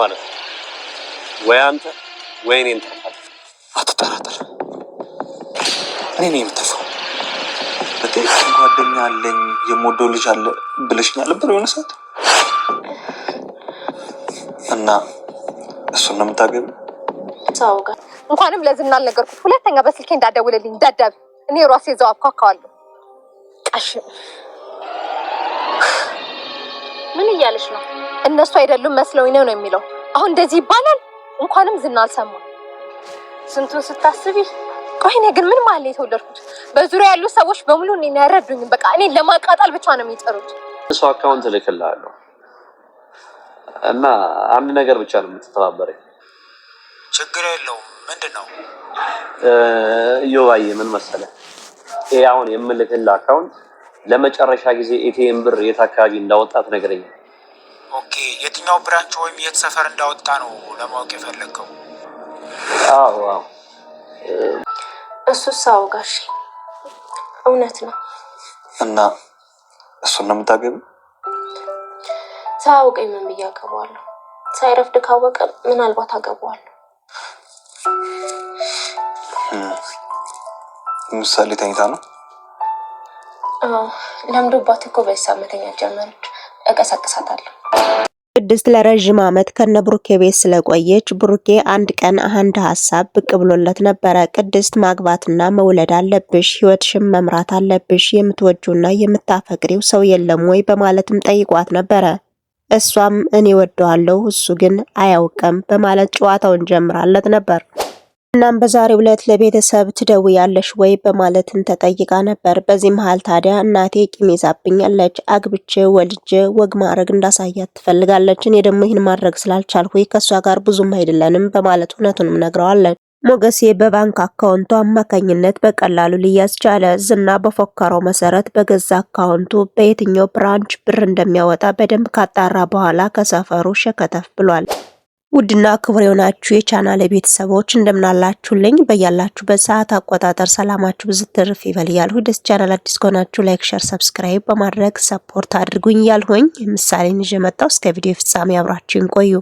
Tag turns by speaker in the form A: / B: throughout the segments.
A: ማለት ነው። ወይ አንተ ወይ እኔ እንጠፋለን።
B: አትጠራጠር፣ እኔ ነው የምጠፋው። ጓደኛ አለኝ የምወደው ልጅ አለ ብለሽኛል ነበር የሆነ ሰዓት እና እሱን ነው የምታገቢ?
C: እንኳንም ለዝና አልነገርኩት። ሁለተኛ በስልኬ እንዳደውልልኝ ደደብ። እኔ ራሴ እዛው አብኳካዋለሁ።
D: ቃሽ ምን እያለች ነው?
C: እነሱ አይደሉም መስለው ነው ነው የሚለው። አሁን እንደዚህ ይባላል። እንኳንም ዝና አልሰማ። ስንቱን ስታስቢ ቆይ እኔ ግን ምን ማለት የተወለድኩት በዙሪያ ያሉ ሰዎች በሙሉ እኔን አይረዱኝም። በቃ እኔ ለማቃጠል ብቻ ነው የሚጠሩት።
A: እሱ አካውንት እልክልሃለሁ እና አንድ ነገር ብቻ ነው የምትተባበረኝ።
E: ችግር የለውም። ምንድን ነው
A: እዮባዬ? ምን መሰለህ ይሄ አሁን የምልክልህ አካውንት ለመጨረሻ ጊዜ ኤቲኤም ብር የት አካባቢ እንዳወጣት ነገረኛል
E: ኦኬ፣ የትኛው ብራንች ወይም የት ሰፈር እንዳወጣ ነው ለማወቅ የፈለግከው?
A: አዎ አዎ፣
D: እሱስ አዎ ጋሽ እውነት ነው።
B: እና እሱን ነው የምታገቢው?
D: ሳያውቀኝ ምን ብዬ አገባዋለሁ? ሳይረፍድ ካወቀ ምናልባት አገባዋለሁ።
B: ምሳሌ ተኝታ ነው
D: ለምዶባት እኮ በዚህ ሳምንተኛ ጀመረች። እቀሳቅሳታለሁ
F: ቅድስት ለረዥም ዓመት ከነ ብሩኬ ቤት ስለቆየች ብሩኬ አንድ ቀን አንድ ሀሳብ ብቅ ብሎለት ነበረ። ቅድስት ማግባትና መውለድ አለብሽ፣ ህይወትሽም መምራት አለብሽ፣ የምትወጁና የምታፈቅሪው ሰው የለም ወይ በማለትም ጠይቋት ነበረ። እሷም እኔ ወደዋለሁ እሱ ግን አያውቅም በማለት ጨዋታውን ጀምራለት ነበር። እናም በዛሬው ዕለት ለቤተሰብ ትደውያለሽ ወይ በማለትን ተጠይቃ ነበር። በዚህ መሀል ታዲያ እናቴ ቂም ይዛብኛለች፣ አግብቼ ወልጄ ወግ ማድረግ እንዳሳያት ትፈልጋለች። እኔ ደግሞ ይህን ማድረግ ስላልቻልኩ ከእሷ ጋር ብዙም አይደለንም በማለት እውነቱንም ነግረዋለች። ሞገሴ በባንክ አካውንቱ አማካኝነት በቀላሉ ሊያዝ ቻለ። ዝና በፎከረው መሰረት በገዛ አካውንቱ በየትኛው ብራንች ብር እንደሚያወጣ በደንብ ካጣራ በኋላ ከሰፈሩ ሸከተፍ ብሏል። ውድና ክቡር የሆናችሁ የቻናል ቤተሰቦች እንደምናላችሁልኝ በያላችሁ በሰዓት አቆጣጠር ሰላማችሁ ብዙ ትርፍ ይበል እያልሁ ደስ ቻናል አዲስ ከሆናችሁ ላይክ፣ ሸር፣ ሰብስክራይብ በማድረግ ሰፖርት አድርጉኝ እያልሁኝ ምሳሌን ይዤ መጣሁ። እስከ ቪዲዮ ፍጻሜ አብራችሁን ቆዩ።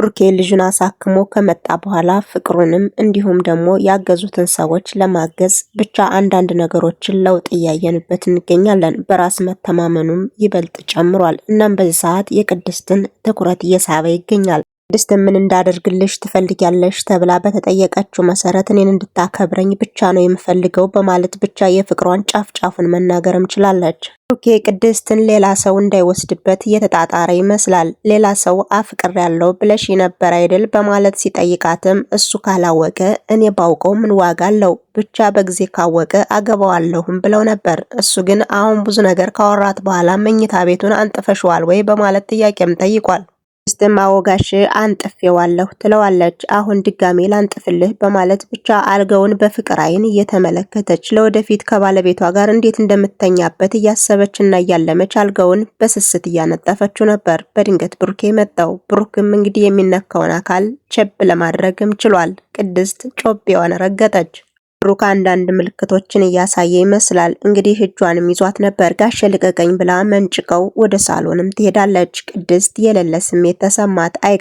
F: ብሩኬ ልጁን አሳክሞ ከመጣ በኋላ ፍቅሩንም እንዲሁም ደግሞ ያገዙትን ሰዎች ለማገዝ ብቻ አንዳንድ ነገሮችን ለውጥ እያየንበት እንገኛለን። በራስ መተማመኑም ይበልጥ ጨምሯል። እናም በዚህ ሰዓት የቅድስትን ትኩረት እየሳበ ይገኛል። ቅድስት ምን እንዳደርግልሽ ትፈልጊያለሽ ተብላ በተጠየቀችው መሰረት እኔን እንድታከብረኝ ብቻ ነው የምፈልገው በማለት ብቻ የፍቅሯን ጫፍ ጫፉን መናገርም ችላለች። ብሩኬ ቅድስትን ሌላ ሰው እንዳይወስድበት እየተጣጣረ ይመስላል። ሌላ ሰው አፍቅር ያለው ብለሽ ነበር አይደል በማለት ሲጠይቃትም እሱ ካላወቀ እኔ ባውቀው ምን ዋጋ አለው ብቻ በጊዜ ካወቀ አገባዋለሁም ብለው ነበር። እሱ ግን አሁን ብዙ ነገር ካወራት በኋላ መኝታ ቤቱን አንጥፈሽዋል ወይ በማለት ጥያቄም ጠይቋል። ስትማወጋሽ አንጥፌዋለሁ ትለዋለች። አሁን ድጋሜ ላንጥፍልህ በማለት ብቻ አልጋውን በፍቅር አይን እየተመለከተች ለወደፊት ከባለቤቷ ጋር እንዴት እንደምተኛበት እያሰበችና እያለመች አልጋውን በስስት እያነጠፈችው ነበር። በድንገት ብሩኬ መጣው። ብሩክም እንግዲህ የሚነካውን አካል ቸብ ለማድረግም ችሏል። ቅድስት ጮቤዋን ረገጠች። ብሩክ አንዳንድ ምልክቶችን እያሳየ ይመስላል። እንግዲህ እጇንም ይዟት ነበር። ጋሸ ልቀቀኝ ብላ መንጭቀው ወደ ሳሎንም ትሄዳለች። ቅድስት የሌለ ስሜት ተሰማት። አይ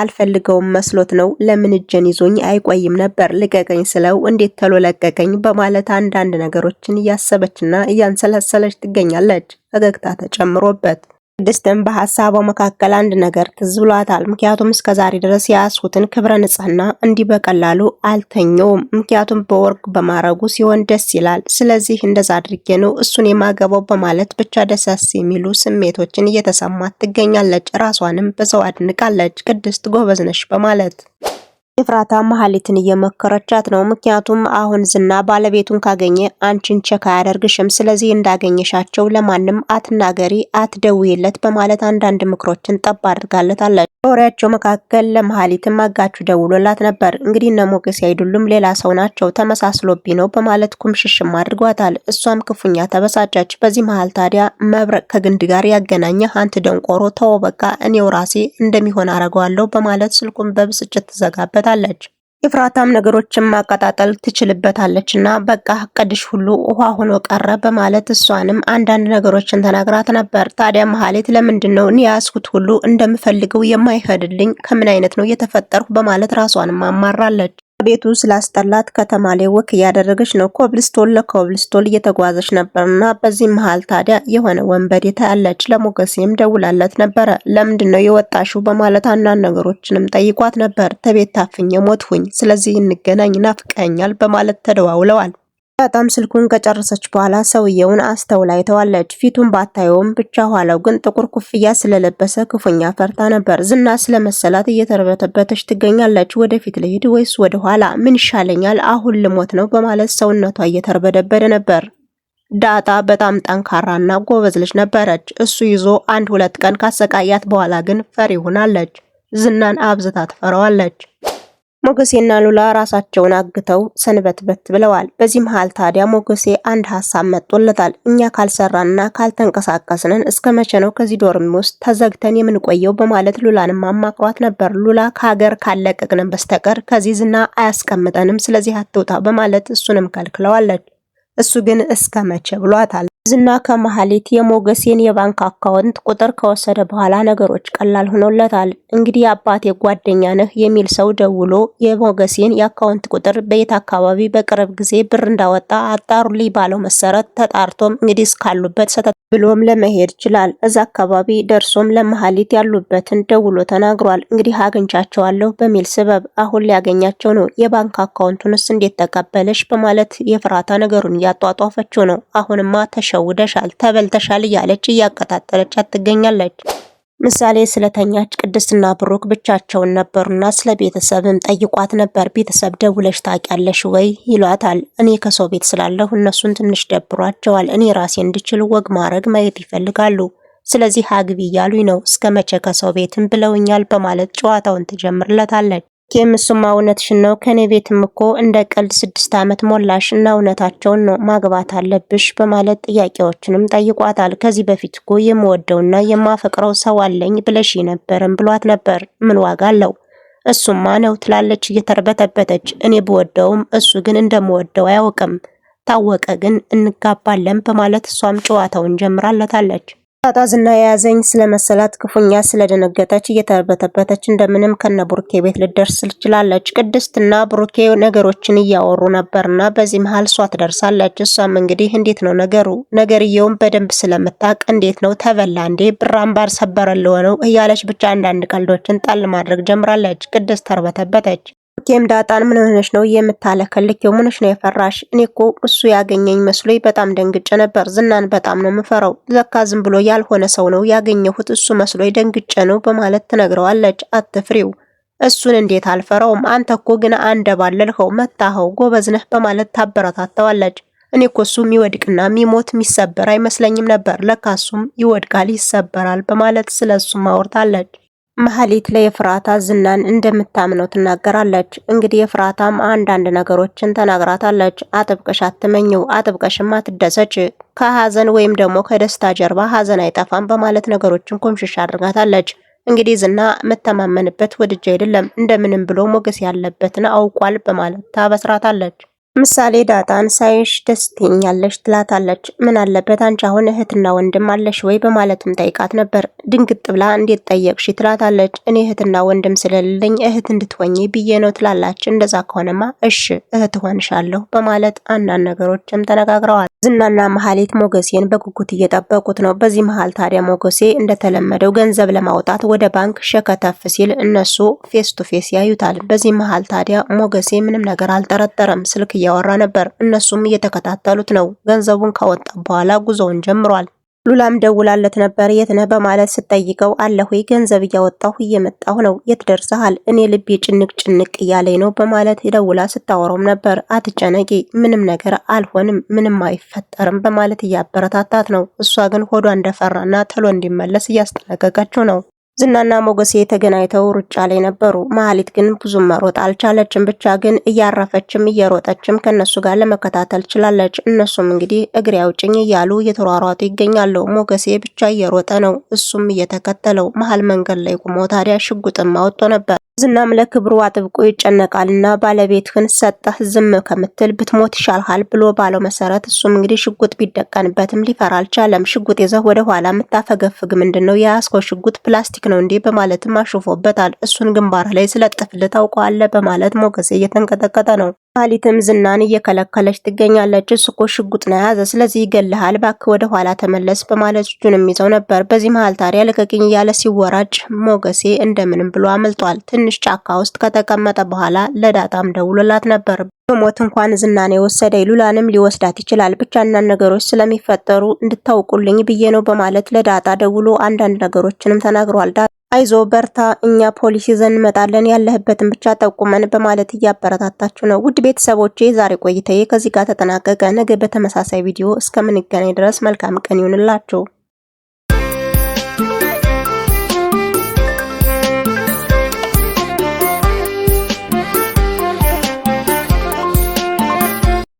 F: አልፈልገውም መስሎት ነው። ለምን እጄን ይዞኝ አይቆይም ነበር። ልቀቀኝ ስለው እንዴት ተሎ ለቀቀኝ በማለት አንዳንድ ነገሮችን እያሰበችና እያንሰለሰለች ትገኛለች። ፈገግታ ተጨምሮበት ቅድስትን በሀሳቧ መካከል አንድ ነገር ትዝ ብሏታል። ምክንያቱም እስከ ዛሬ ድረስ የያዝኩትን ክብረ ንጽህና እንዲህ በቀላሉ አልተኘውም። ምክንያቱም በወርቅ በማረጉ ሲሆን ደስ ይላል። ስለዚህ እንደዛ አድርጌ ነው እሱን የማገባው በማለት ብቻ ደሰስ የሚሉ ስሜቶችን እየተሰማት ትገኛለች። ራሷንም በሰው አድንቃለች። ቅድስት ጎበዝነሽ በማለት ኤፍራታ መሀሊትን እየመከረቻት ነው። ምክንያቱም አሁን ዝና ባለቤቱን ካገኘ አንቺን ቸክ አያደርግሽም፣ ስለዚህ እንዳገኘሻቸው ለማንም አትናገሪ፣ አትደውይለት በማለት አንዳንድ ምክሮችን ጠብ አድርጋለታለች። በወሬያቸው መካከል ለመሀሊትም አጋቹ ደውሎላት ነበር። እንግዲህ እነ ሞገስ አይደሉም ሌላ ሰው ናቸው ተመሳስሎብኝ ነው በማለት ኩምሽሽም አድርጓታል። እሷም ክፉኛ ተበሳጨች። በዚህ መሀል ታዲያ መብረቅ ከግንድ ጋር ያገናኘ አንተ ደንቆሮ ተወበቃ እኔው ራሴ እንደሚሆን አረገዋለሁ በማለት ስልኩን በብስጭት ተዘጋበት። ትችልበታለች። የፍራታም ነገሮችን ማቀጣጠል ትችልበታለች እና በቃ ቀድሽ ሁሉ ውሃ ሆኖ ቀረ በማለት እሷንም አንዳንድ ነገሮችን ተናግራት ነበር። ታዲያ መሀሌት ለምንድን ነው እኔ ያስኩት ሁሉ እንደምፈልገው የማይሄድልኝ? ከምን አይነት ነው የተፈጠርሁ? በማለት ራሷንም አማራለች። ቤቱን ስላስጠላት ከተማ ላይ ወክ እያደረገች ነው። ኮብልስቶን ለኮብልስቶን እየተጓዘች ነበርና በዚህ መሀል ታዲያ የሆነ ወንበዴ ታያለች። ለሞገሴም ደውላለት ነበረ። ለምንድን ነው የወጣሽው በማለት አንዳንድ ነገሮችንም ጠይቋት ነበር። ተቤት ታፍኜ ሞትሁኝ፣ ስለዚህ እንገናኝ ናፍቀኛል በማለት ተደዋውለዋል። በጣም ስልኩን ከጨረሰች በኋላ ሰውየውን አስተውላ አይተዋለች። ፊቱን ባታየውም ብቻ ኋላው ግን ጥቁር ኩፍያ ስለለበሰ ክፉኛ ፈርታ ነበር። ዝና ስለመሰላት እየተርበተበተች ትገኛለች። ወደፊት ልሂድ ወይስ ወደ ኋላ? ምን ይሻለኛል? አሁን ልሞት ነው በማለት ሰውነቷ እየተርበደበደ ነበር። ዳጣ በጣም ጠንካራና ጎበዝ ልጅ ነበረች። እሱ ይዞ አንድ ሁለት ቀን ካሰቃያት በኋላ ግን ፈሪ ሆናለች። ዝናን አብዝታ ትፈራዋለች። ሞገሴና ሉላ ራሳቸውን አግተው ሰንበትበት ብለዋል። በዚህ መሀል ታዲያ ሞገሴ አንድ ሀሳብ መጥቶለታል። እኛ ካልሰራንና ካልተንቀሳቀስንን እስከ መቼ ነው ከዚህ ዶርም ውስጥ ተዘግተን የምንቆየው? በማለት ሉላንም አማክሯት ነበር። ሉላ ከሀገር ካለቀቅንም በስተቀር ከዚህ ዝና አያስቀምጠንም፣ ስለዚህ አትውጣ በማለት እሱንም ከልክለዋለች። እሱ ግን እስከ መቼ ብሏታል። ዝና ከመሀሌት የሞገሴን የባንክ አካውንት ቁጥር ከወሰደ በኋላ ነገሮች ቀላል ሆኖለታል። እንግዲህ አባቴ ጓደኛ ነህ የሚል ሰው ደውሎ የሞገሴን የአካውንት ቁጥር በየት አካባቢ በቅርብ ጊዜ ብር እንዳወጣ አጣሩልኝ ባለው መሰረት ተጣርቶም እንግዲህ እስካሉበት ሰተት ብሎም ለመሄድ ይችላል። እዛ አካባቢ ደርሶም ለመሀሌት ያሉበትን ደውሎ ተናግሯል። እንግዲህ አግኝቻቸዋለሁ በሚል ስበብ አሁን ሊያገኛቸው ነው። የባንክ አካውንቱንስ እንዴት ተቀበለሽ በማለት የፍራታ ነገሩን እያጧጧፈችው ነው። አሁንማ ተሸ ተሸውደሻል፣ ተበልተሻል እያለች እያቀጣጠለች ትገኛለች። ምሳሌ ስለተኛች ቅድስትና ብሩክ ብቻቸውን ነበሩና ስለ ቤተሰብም ጠይቋት ነበር። ቤተሰብ ደውለሽ ታውቂያለሽ ወይ ይሏታል። እኔ ከሰው ቤት ስላለሁ እነሱን ትንሽ ደብሯቸዋል። እኔ ራሴ እንድችል ወግ ማድረግ ማየት ይፈልጋሉ። ስለዚህ አግቢ እያሉኝ ነው። እስከ መቼ ከሰው ቤትም ብለውኛል በማለት ጨዋታውን ትጀምርለታለች። የምሱማ እውነትሽን ነው። ከኔ ቤትም እኮ እንደ ቀልድ ስድስት ዓመት ሞላሽ እና እውነታቸውን ነው ማግባት አለብሽ በማለት ጥያቄዎችንም ጠይቋታል። ከዚህ በፊት እኮ የምወደውና የማፈቅረው ሰው አለኝ ብለሽ ነበርም ብሏት ነበር። ምን ዋጋ አለው እሱማ ነው ትላለች እየተርበተበተች። እኔ ብወደውም እሱ ግን እንደምወደው አያውቅም። ታወቀ ግን እንጋባለን በማለት እሷም ጨዋታውን ጀምራለታለች። ዳጣ ዝና የያዘኝ ስለመሰላት ክፉኛ ስለደነገጠች እየተበተበተች እንደምንም ከነ ብሩኬ ቤት ልደርስ ትችላለች። ቅድስትና ብሩኬ ነገሮችን እያወሩ ነበርና በዚህ መሀል እሷ ትደርሳለች። እሷም እንግዲህ እንዴት ነው ነገሩ ነገርየውን በደንብ ስለምታቅ እንዴት ነው ተበላ እንዴ ብራምባር ሰበረል እያለች ብቻ አንዳንድ ቀልዶችን ጣል ማድረግ ጀምራለች። ቅድስት ተርበተበተች። ጌም ዳጣን ምን ሆነሽ ነው የምታለከልኪው? ምን ሆነሽ ነው የፈራሽ? እኔ እኮ እሱ ያገኘኝ መስሎኝ በጣም ደንግጬ ነበር። ዝናን በጣም ነው የምፈራው። ለካ ዝም ብሎ ያልሆነ ሰው ነው ያገኘሁት፣ እሱ መስሎኝ ደንግጬ ነው በማለት ትነግረዋለች። አትፍሪው፣ እሱን እንዴት አልፈራውም? አንተ እኮ ግን አንደባለልኸው፣ መታኸው፣ ጎበዝ ነህ በማለት ታበረታተዋለች። እኔ እኮ እሱ የሚወድቅና የሚሞት የሚሰበር አይመስለኝም ነበር፣ ለካ እሱም ይወድቃል ይሰበራል በማለት ስለ እሱም አውርታለች። መሀሌት ለኤፍራታ ዝናን እንደምታምነው ትናገራለች። እንግዲህ ኤፍራታም አንዳንድ ነገሮችን ተናግራታለች። አጥብቀሽ አትመኝው፣ አጥብቀሽም አትደሰች፣ ከሀዘን ወይም ደግሞ ከደስታ ጀርባ ሀዘን አይጠፋም በማለት ነገሮችን ኮምሽሽ አድርጋታለች። እንግዲህ ዝና የምተማመንበት ወድጄ አይደለም እንደምንም ብሎ ሞገስ ያለበትን አውቋል በማለት ታበስራታለች። ምሳሌ ዳጣን ሳይሽ ደስ ትኛለሽ ትላታለች። ምን አለበት አንቺ አሁን እህትና ወንድም አለሽ ወይ በማለትም ጠይቃት ነበር። ድንግጥ ብላ እንዴት ጠየቅሽ ትላታለች። እኔ እህትና ወንድም ስለሌለኝ እህት እንድትሆኚ ብዬ ነው ትላላች። እንደዛ ከሆነማ እሺ እህት ሆንሻለሁ በማለት አንዳንድ ነገሮችም ተነጋግረዋል። ዝናና መሀሌት ሞገሴን በጉጉት እየጠበቁት ነው። በዚህ መሀል ታዲያ ሞገሴ እንደተለመደው ገንዘብ ለማውጣት ወደ ባንክ ሸከተፍ ሲል እነሱ ፌስ ቱ ፌስ ያዩታል። በዚህ መሀል ታዲያ ሞገሴ ምንም ነገር አልጠረጠረም ስልክ እያወራ ነበር። እነሱም እየተከታተሉት ነው። ገንዘቡን ካወጣ በኋላ ጉዞውን ጀምሯል። ሉላም ደውላለት ነበር። የት ነህ በማለት ስትጠይቀው አለሁ ገንዘብ እያወጣሁ እየመጣሁ ነው። የት ደርሰሃል? እኔ ልቤ ጭንቅ ጭንቅ እያለኝ ነው በማለት ደውላ ስታወራውም ነበር። አትጨነቂ፣ ምንም ነገር አልሆንም፣ ምንም አይፈጠርም በማለት እያበረታታት ነው። እሷ ግን ሆዷ እንደፈራና ተሎ እንዲመለስ እያስጠነቀቀችው ነው። ዝናና ሞገሴ ተገናኝተው ሩጫ ላይ ነበሩ። መሀሊት ግን ብዙ መሮጥ አልቻለችም። ብቻ ግን እያረፈችም እየሮጠችም ከነሱ ጋር ለመከታተል ችላለች። እነሱም እንግዲህ እግሬ አውጭኝ እያሉ እየተሯሯጡ ይገኛሉ። ሞገሴ ብቻ እየሮጠ ነው፣ እሱም እየተከተለው። መሀል መንገድ ላይ ቁሞ ታዲያ ሽጉጥም አወጥቶ ነበር። ዝናም ለክብሩ አጥብቆ ይጨነቃልና ባለቤትህን ሰጠህ ዝም ከምትል ብትሞት ይሻልሃል ብሎ ባለው መሰረት እሱም እንግዲህ ሽጉጥ ቢደቀንበትም ሊፈራ አልቻለም። ሽጉጥ ይዘህ ወደ ኋላ የምታፈገፍግ ምንድን ነው የያዝከው ሽጉጥ ፕላስቲክ ነው እንዲህ በማለትም አሽፎበታል። እሱን ግንባር ላይ ስለጥፍል ታውቀዋለህ በማለት ሞገሴ እየተንቀጠቀጠ ነው። ማህሌትም ዝናን እየከለከለች ትገኛለች። እሱ እኮ ሽጉጥ ነው የያዘ፣ ስለዚህ ይገልሃል፣ እባክህ ወደ ኋላ ተመለስ በማለት እጁንም ይዘው ነበር። በዚህ መሀል ታዲያ ልቀቅኝ እያለ ሲወራጭ ሞገሴ እንደምንም ብሎ አመልጧል። ትንሽ ጫካ ውስጥ ከተቀመጠ በኋላ ለዳጣም ደውሎላት ነበር። በሞት እንኳን ዝናን የወሰደ ሉላንም ሊወስዳት ይችላል፣ ብቻ አንዳንድ ነገሮች ስለሚፈጠሩ እንድታውቁልኝ ብዬ ነው በማለት ለዳጣ ደውሎ አንዳንድ ነገሮችንም ተናግሯል። አይዞ በርታ፣ እኛ ፖሊስ ይዘን እንመጣለን፣ ያለህበትን ብቻ ጠቁመን በማለት እያበረታታችሁ ነው። ውድ ቤተሰቦቼ የዛሬ ቆይታዬ ከዚህ ጋር ተጠናቀቀ። ነገ በተመሳሳይ ቪዲዮ እስከምንገናኝ ድረስ መልካም ቀን ይሁንላችሁ።